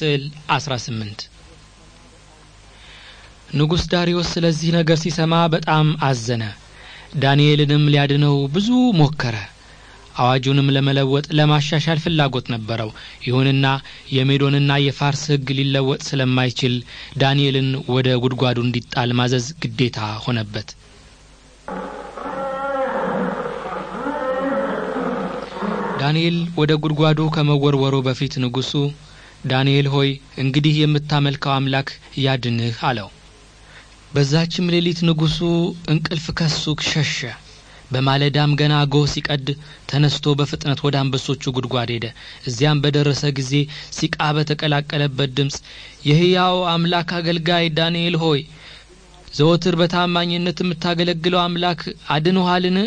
ስዕል 18 ንጉሥ ዳርዮስ ስለዚህ ነገር ሲሰማ በጣም አዘነ። ዳንኤልንም ሊያድነው ብዙ ሞከረ። አዋጁንም ለመለወጥ ለማሻሻል ፍላጎት ነበረው። ይሁንና የሜዶንና የፋርስ ሕግ ሊለወጥ ስለማይችል ዳንኤልን ወደ ጉድጓዱ እንዲጣል ማዘዝ ግዴታ ሆነበት። ዳንኤል ወደ ጉድጓዱ ከመወርወሩ በፊት ንጉሡ ዳንኤል ሆይ እንግዲህ የምታመልከው አምላክ ያድንህ አለው። በዛችም ሌሊት ንጉሡ እንቅልፍ ከሱ ሸሸ። በማለዳም ገና ጎህ ሲቀድ ተነስቶ በፍጥነት ወደ አንበሶቹ ጉድጓድ ሄደ። እዚያም በደረሰ ጊዜ ሲቃ በተቀላቀለበት ድምፅ የሕያው አምላክ አገልጋይ ዳንኤል ሆይ ዘወትር በታማኝነት የምታገለግለው አምላክ አድንኋልን?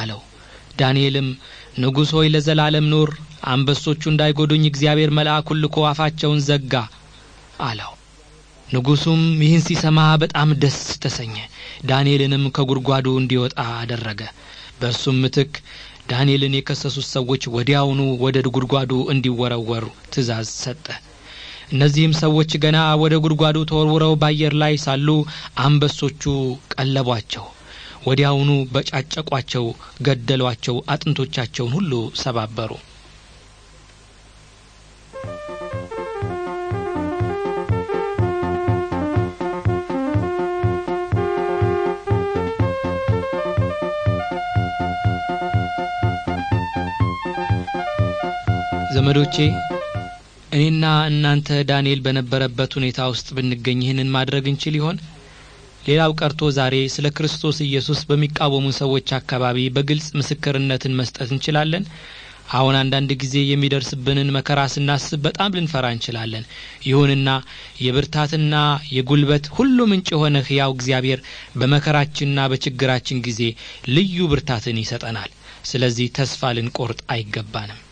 አለው። ዳንኤልም ንጉሥ ሆይ ለዘላለም ኑር፣ አንበሶቹ እንዳይጎዱኝ እግዚአብሔር መልአኩን ልኮ አፋቸውን ዘጋ አለው። ንጉሡም ይህን ሲሰማ በጣም ደስ ተሰኘ። ዳንኤልንም ከጉድጓዱ እንዲወጣ አደረገ። በእርሱም ምትክ ዳንኤልን የከሰሱት ሰዎች ወዲያውኑ ወደ ጉድጓዱ እንዲወረወሩ ትእዛዝ ሰጠ። እነዚህም ሰዎች ገና ወደ ጉድጓዱ ተወርውረው በአየር ላይ ሳሉ አንበሶቹ ቀለቧቸው። ወዲያውኑ በጫጨቋቸው፣ ገደሏቸው፣ አጥንቶቻቸውን ሁሉ ሰባበሩ። ዘመዶቼ እኔና እናንተ ዳንኤል በነበረበት ሁኔታ ውስጥ ብንገኝ ይህንን ማድረግ እንችል ይሆን? ሌላው ቀርቶ ዛሬ ስለ ክርስቶስ ኢየሱስ በሚቃወሙ ሰዎች አካባቢ በግልጽ ምስክርነትን መስጠት እንችላለን። አሁን አንዳንድ ጊዜ የሚደርስብንን መከራ ስናስብ በጣም ልንፈራ እንችላለን። ይሁንና የብርታትና የጉልበት ሁሉ ምንጭ የሆነ ሕያው እግዚአብሔር በመከራችንና በችግራችን ጊዜ ልዩ ብርታትን ይሰጠናል። ስለዚህ ተስፋ ልንቆርጥ አይገባንም።